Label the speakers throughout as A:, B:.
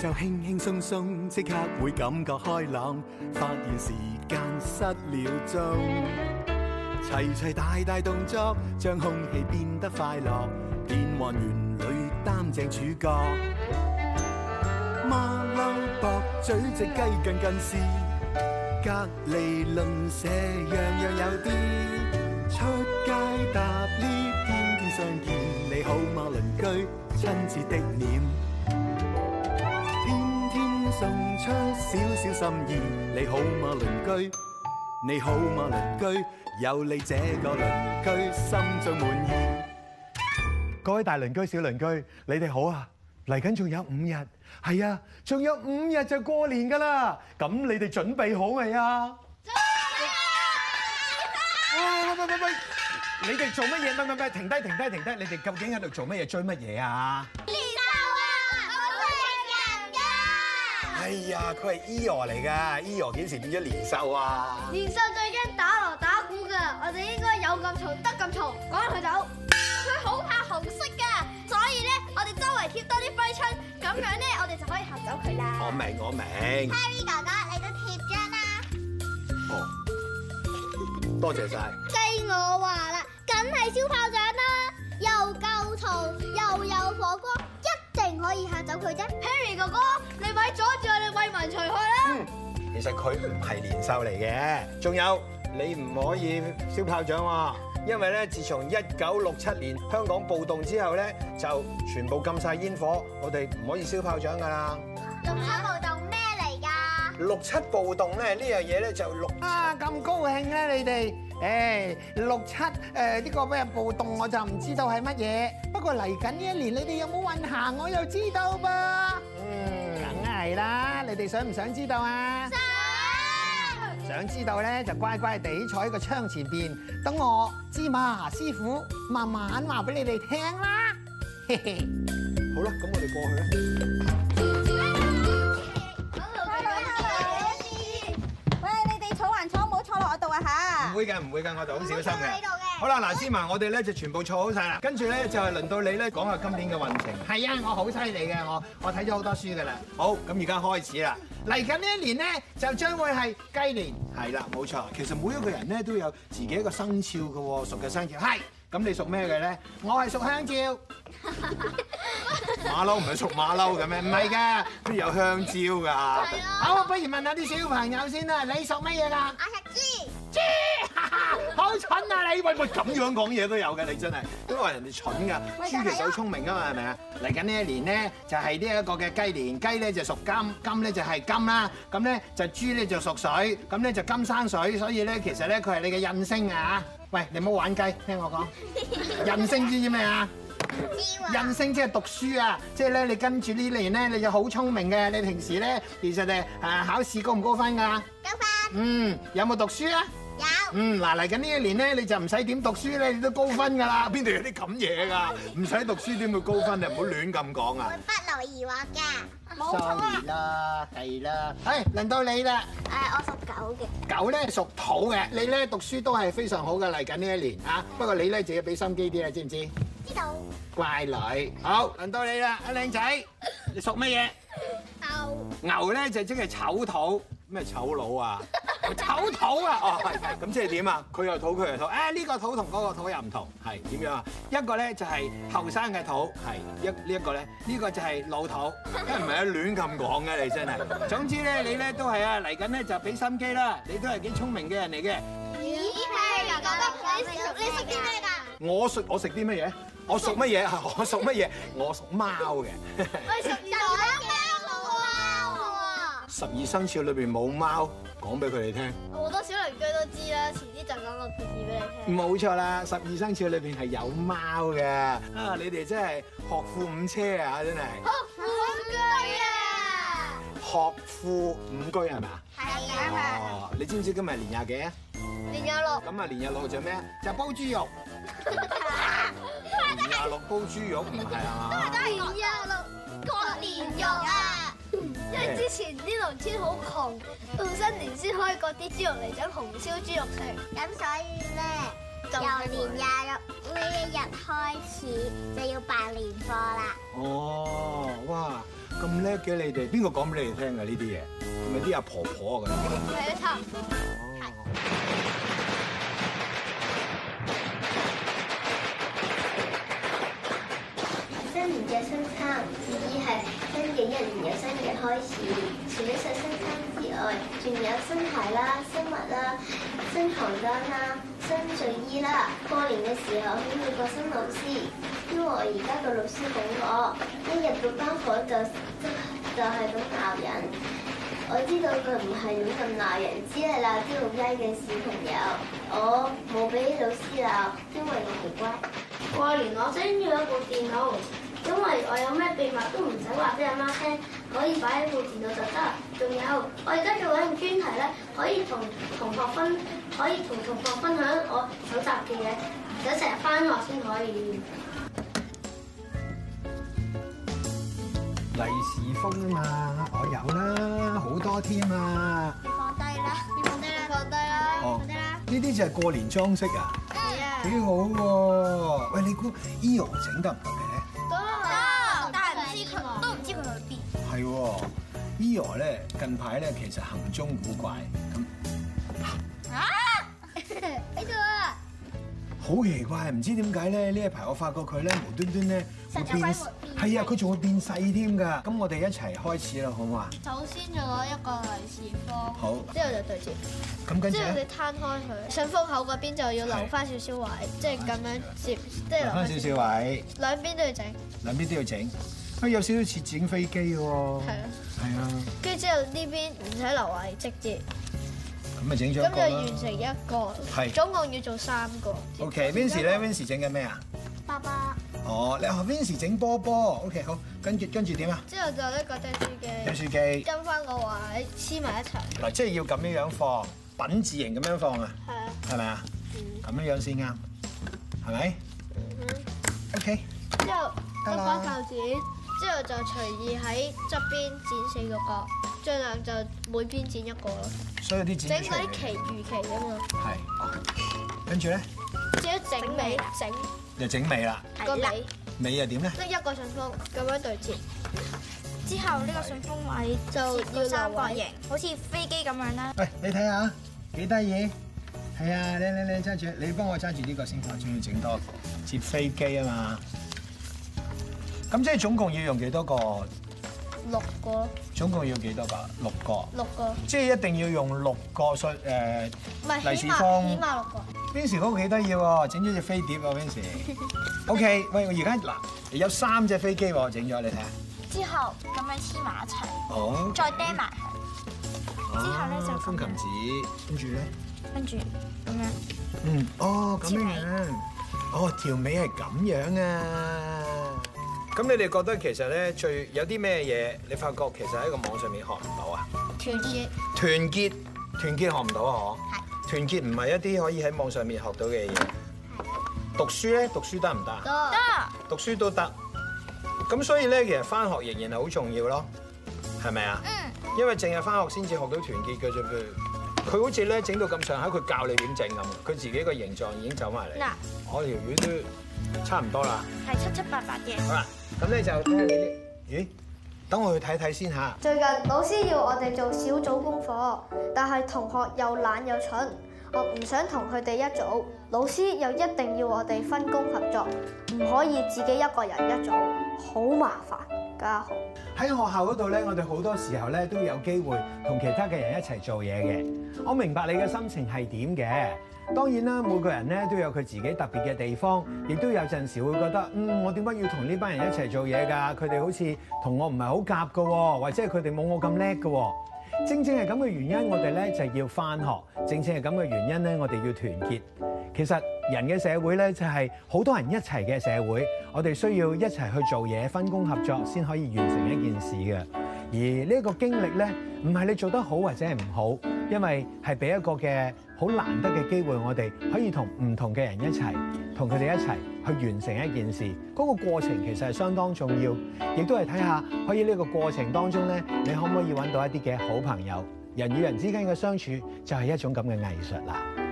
A: 就輕輕鬆鬆，即刻會感覺開朗，發現時間失了蹤。齊齊大大動作，將空氣變得快樂，變幻園裏擔正主角。孖騮駁嘴，隻雞近近視，隔籬鄰舍樣樣有啲。出街搭 𨋢，天天相見，你好嗎，鄰居？親切的臉。送出少少心意，你好嗎鄰居？你好嗎鄰居？有你這個鄰居，心中滿意。各位大鄰居、小鄰居，你哋好啊！嚟緊仲有五日，係啊，仲有五日就過年噶啦。咁你哋準備好未啊？準備！喂喂喂喂，你哋做乜嘢？喂喂喂，停低停低停低！你哋究竟喺度做乜嘢？追乜嘢啊？哎呀，佢係 Ero 嚟噶，Ero 幾時變咗年獸啊？
B: 年獸最驚打鑼打鼓噶，我哋應該有咁嘈，得咁嘈趕佢走。佢好怕紅色噶，所以咧我哋周圍貼多啲揮春，咁樣咧我哋就可以嚇走
A: 佢啦。我明我明。Harry
B: 哥哥，你都貼張啦。
A: 哦，多謝晒。
B: 計我話啦，梗係燒炮仗啦，又夠嘈，又有火光。唔可以嚇走佢啫，Harry 哥哥，你咪阻住我哋為民除害啦！嗯，
A: 其實佢唔係年獸嚟嘅，仲有你唔可以燒炮仗喎，因為咧，自從一九六七年香港暴動之後咧，就全部禁晒煙火，我哋唔可以燒炮仗㗎啦。六七暴動咧呢樣嘢咧就六七啊，咁高興咧、啊、你哋，誒、hey, 六七誒呢、呃呢個咩暴動我就唔知道係乜嘢，不過嚟緊呢一年你哋有冇運行我又知道噃，嗯，梗係啦，你哋想唔想知道啊？想 Sir，想知道咧就乖乖地坐喺個窗前邊，等我芝麻俠師傅慢慢話俾你哋聽啦。嘿 嘿，好啦，咁我哋過去啦。不會嘅唔會嘅，我就好小心嘅。好啦，嗱的，芝麻，我哋咧就全部坐好晒啦。跟住咧就係輪到你咧講下今年嘅運程。係啊，我好犀利嘅我，我睇咗好多書噶啦。好，咁而家開始啦。嚟緊呢一年咧就將會係雞年。係啦，冇錯。其實每一個人咧都有自己一個生肖嘅喎，屬嘅生肖。係、嗯。咁你屬咩嘅咧？我係屬香蕉。馬騮唔係屬馬騮嘅咩？唔係嘅，不如有香蕉㗎。係啊了。好，不如問下啲小朋友先啦。你屬乜嘢㗎？我屬好蠢啊！你喂，喂咁樣講嘢都有嘅，你真係都話人哋蠢噶豬其實好聰明噶嘛，係咪啊？嚟緊呢一年咧，就係呢一個嘅雞年，雞咧就屬金，金咧就係金啦。咁咧就豬咧就屬水，咁咧就金生水，所以咧其實咧佢係你嘅印星啊。喂，你唔好玩雞，聽我講，印星知唔知咩啊？知。印星即係讀書啊，即係咧你跟住呢年咧，你就好聰明嘅。你平時咧其實誒啊考試高唔高分噶？高分。嗯，有冇讀書啊？嗯，嗱，嚟緊呢一年咧，你就唔使點讀書咧，你都高分噶啦，邊度有啲咁嘢噶？唔使讀書點會高分啊？你唔好亂咁講啊！會不勞而
B: 獲噶，冇錯啦，
A: 係啦，哎，輪到你啦，誒，我
B: 屬狗嘅，狗咧
A: 屬土嘅，你咧讀書都係非常好嘅，嚟緊呢一年啊，不過你咧就要俾心機啲啦，知唔知？知
B: 道。
A: 乖女，好，輪到你啦，阿靚仔，你屬乜嘢？牛。牛咧就即係丑土。咩醜佬啊？ 醜土啊？哦，係係，咁即係點啊？佢又土，佢又土。誒呢個土同嗰個土又唔同，係點樣啊？一個咧就係後生嘅土，係一呢一個咧，呢個就係老土。誒唔係啊，亂咁講嘅你真係。 總之咧，你咧都係啊，嚟緊咧就俾心機啦。你都係幾聰明嘅人嚟嘅。咦、嗯？
B: 係啊，哥哥，你你食啲咩
A: 㗎？我食， 我食啲乜嘢？ 我屬乜嘢啊？我屬乜嘢？我屬貓嘅。
B: 我屬
A: 十二生肖裏邊冇貓，講俾佢哋聽。好多
B: 小鄰居都知啦，遲啲就
A: 講個故事俾你聽。冇錯啦，十二生肖裏邊係有貓嘅。啊，你哋真係學富五車啊，真係。
B: 學富五居啊！
A: 學富五居係咪？係啊係啊。哦，你知唔知今日年廿幾？年廿六。咁啊，年廿六做咩？就煲豬肉。
B: 廿
A: 六煲豬肉係啊嘛。都係得年廿六
B: 過年肉啊！因為之前啲農村好窮，到新年先開嗰啲豬肉嚟整紅燒豬肉食。咁所以咧，由年廿六呢一日開始就要辦年貨啦。
A: 哦，哇，咁叻嘅你哋，邊個講俾你哋聽㗎呢啲嘢？係咪啲阿婆婆嘅？
B: 新年嘅新衫，只係新嘅一年由新嘅開始。除咗着新衫之外，仲有新鞋啦、新襪啦、新床單啦、新睡衣啦。過年嘅時候，我要個新老師，因為我而家個老師講我一日入到班房就是、就係咁鬧人。我知道佢唔係咁咁鬧人之，只係鬧啲好乖嘅小朋友。我冇俾老師鬧，因為我唔乖。過年我想要一部電腦。因為我有咩秘
A: 密都唔使話俾阿媽聽，可以擺喺部電腦就得。仲有，我而家做緊專題咧，可以同同學分，
B: 可以同
A: 同學分享我搜集嘅嘢，等成日翻學先可以。利是封啊嘛，我有啦，好多添啊！你放低啦，你放低啦，放低啦，放低啦。呢啲就係過年裝飾啊，幾好喎！喂，你估依我整得唔得？係，Eo 咧近排咧其實行蹤古怪，咁啊，
B: 喺度啊，
A: 好奇怪唔知點解咧？呢一排我發覺佢咧無端端咧會變，係啊，佢仲會變細添㗎。咁我哋一齊開始啦，好唔好啊？首先就攞一個利是封，好，
B: 之後就對折，咁跟住之後你攤開佢，上封口嗰邊就要留翻少少位，即係咁樣折，即係留翻少少位，兩邊都要
A: 整，兩邊都要整。啊有少少似整飛機喎，係啊，係啊，跟
B: 住之後呢邊唔使留位直接，
A: 咁咪整咗，咁就完
B: 成一個，係，總共要做三
A: 個。OK，Vincent 咧，Vincent 整緊咩啊？爸爸。哦，你啊 Vincent 整波波，OK 好，跟住跟住點啊？之後就一個
B: 釘書機。釘書機。跟翻個位黐
A: 埋一齊。嗱，即係要咁樣樣放，品字形咁樣放啊？係啊。係咪啊？嗯。咁樣樣先啱，係咪？嗯。OK。
B: 之後，跟翻舊剪。之後就隨意喺側邊剪四個角，盡量就每邊剪一個咯。
A: 所以啲剪整嗰啲奇
B: 餘奇啊嘛。
A: 係。跟住咧，
B: 整嗰啲尾，整。又整尾啦。個尾。
A: 尾又點咧？疊
B: 一個信封，咁樣對折。之後呢個信封
A: 位就要三角形，好似飛機咁樣啦。喂，你睇下，幾得意？係啊，你你你，揸住，你幫我揸住呢個先，我仲要整多個，折飛機啊嘛。咁即係總共要用幾多，個，六個，多個？
B: 六個。
A: 總共要幾多個？六個。六
B: 個。即係
A: 一定要用六個，所以誒，利是封。
B: 起碼六個，時
A: 個。Vincent 屋企得意喎，整咗隻飛碟喎 Vincent OK，喂，我而家嗱有三隻飛機喎，整咗你睇 Okay。
B: 之後咁、啊、樣黐埋一齊。哦。再釘埋
A: 之後咧就。風琴紙，跟住咧。
B: 跟住，咁
A: 樣。嗯，哦，咁樣，哦，條尾係咁樣啊。咁你哋覺得其實咧最有啲咩嘢？你發覺其實喺個網上面學唔到啊！團
B: 結，
A: 團結，團結學唔到啊！嗬，係團結唔係一啲可以喺網上面學到嘅嘢。讀書咧，行 讀書得唔得？得，行 讀書都得。咁所以咧，其實返學仍然係好重要咯，係咪啊？
B: 嗯。
A: 因為淨係返學先至學到團結嘅啫。佢，佢好似咧整到咁上下，佢教你點整咁，佢自己個形狀已經走埋嚟。嗱，我條魚都差唔多啦。
B: 係七七八八嘅。
A: 好啊。咁你就聽聽你啲，咦？等我去睇睇先吓。
B: 最近老師要我哋做小組功課，但係同學又懶又蠢。我唔想同佢哋一組，老師又一定要我哋分工合作，唔可以自己一個人一組，好麻煩，家豪。
A: 喺學校嗰度咧，我哋好多時候咧都有機會同其他嘅人一齊做嘢嘅。我明白你嘅心情係點嘅。當然啦，每個人咧都有佢自己特別嘅地方，亦都有陣時會覺得，嗯，我點解要同呢班人一齊做嘢噶？佢哋好似同我唔係好夾噶，或者佢哋冇我咁叻噶。正正係咁嘅原因，我哋咧就要翻學。正正係咁嘅原因咧，我哋要團結。其實人嘅社會咧就係好多人一齊嘅社會，我哋需要一齊去做嘢，分工合作先可以完成一件事嘅。而呢個經歷咧，唔係你做得好或者係唔好，因為係俾一個嘅。好難得嘅機會，我哋可以同唔同嘅人一齊，同佢哋一齊去完成一件事。嗰個過程其實係相當重要，亦都係睇下可以呢個過程當中呢，你可唔可以揾到一啲嘅好朋友？人與人之間嘅相處就係一種咁嘅藝術啦。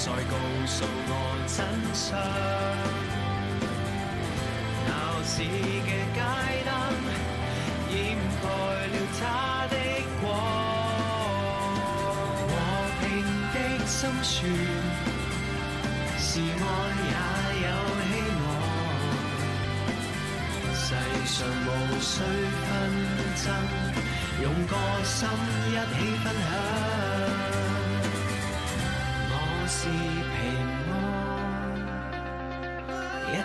B: 再告訴我真相。鬧市嘅街
A: 燈掩蓋了它的光。和、哦、平的心酸是愛也有希望。世上無需紛爭，用個心一起分享。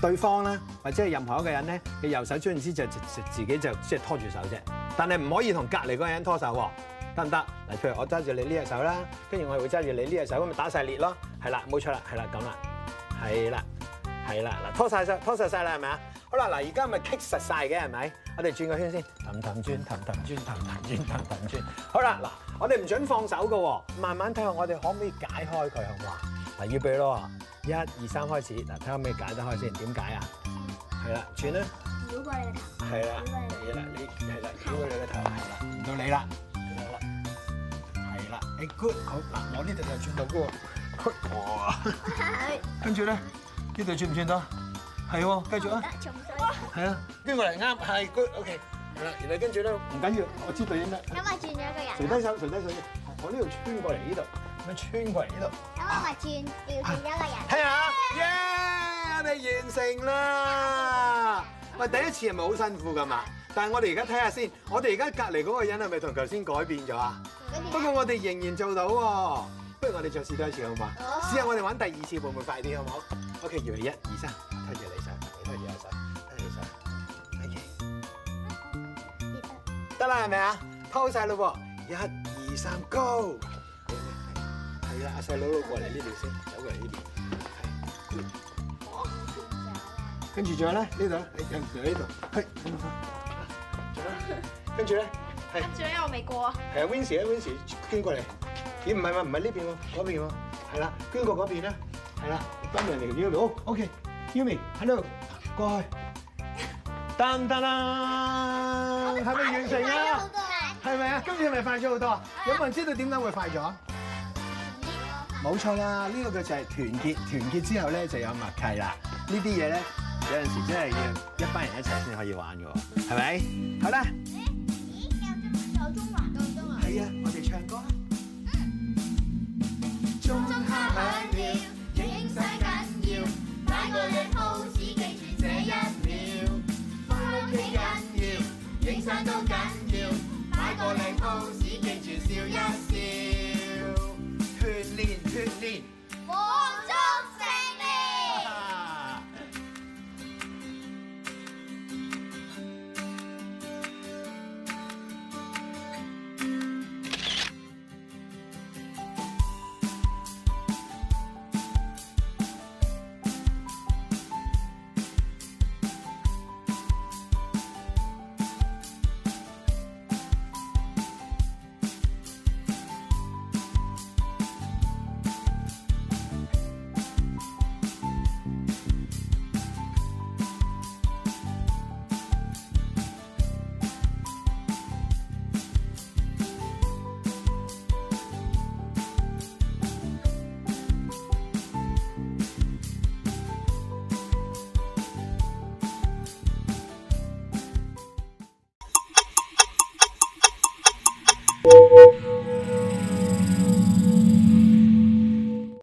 A: 對方咧，或者係任何一個人咧，你右手，總言之就自自自己就即係拖住手啫。但係唔可以同隔離嗰個人拖手喎，得唔得？嗱，譬如我揸住你呢隻手啦，跟住我係會揸住你呢隻手，咁咪打晒裂咯。係啦，冇錯啦，係啦，咁啦，係啦，係啦，嗱，拖晒晒，拖曬曬啦，係咪啊？好啦，嗱，而家咪棘實晒嘅係咪？我哋轉個圈先，騰騰轉，騰騰轉，騰騰轉，騰騰轉。好啦，嗱，我哋唔准放手㗎喎，慢慢睇下我哋可唔可以解開佢，好唔好啊？嗱，要俾咯。一二三開始，嗱，睇下可唔可以解得開先？點解啊？係啦，轉啦。繞過你個頭。係啦，係啦，你係啦，繞過你個頭，係啦，到你啦，攞啦，係啦，你 good 好，嗱，我呢度就轉到㗎 good 哇，跟住咧，呢度轉唔轉到啊？係喎，繼續啊。重水。係啊，跟過嚟啱，係 good，ok，係啦，原來跟住咧，唔緊要，我知道應啦。咁啊，轉咗個人，最低手最低數，我呢度
B: 穿
A: 過嚟呢度，咩穿過嚟呢度？
B: 我話轉調轉一
A: 個人，係啊，耶！我哋完成啦。喂，第一次係咪好辛苦噶嘛？但係我哋而家睇下先，我哋而家隔籬嗰個人係咪同頭先改變咗啊？不過我哋仍然做到喎，不如我哋再試多一次好唔好？好。試下我哋玩第二次會唔會快啲好唔好？O K，預備一、二、三，睇住你手，你托住我手，睇住手，得啦，係咪啊？拋晒啦，一、二、三，Go！阿細佬佬過嚟呢邊先，走過嚟呢邊，跟住仲有咧呢度，人就喺度，係，跟住咧，
B: 跟
A: 住我未過啊，係啊，Wincy Wincy 經過嚟，咦，唔係嘛，唔係呢邊喎，嗰邊喎，係啦，經過嗰邊咧，係啦，跟住嚟哋 Umi，O K，Umi h e l l o 過去，得唔得啦，係咪完成啊？係咪啊？今次咪快咗好多，有冇人知道點解會快咗？冇錯啦，呢個嘅就係團結，團結之後咧就有默契啦。呢啲嘢咧有陣時真係要一班人一齊先可以玩㗎喎，係咪？好啦。誒，咦？有隻馬在中環噉樣啊？係啊，我哋唱歌。嗯。中下兩秒，影相緊要，擺個靚 pose 記
B: 住這一
A: 秒，放鬆緊要，影相都緊要，擺個靚 pose 記住笑一笑。確定。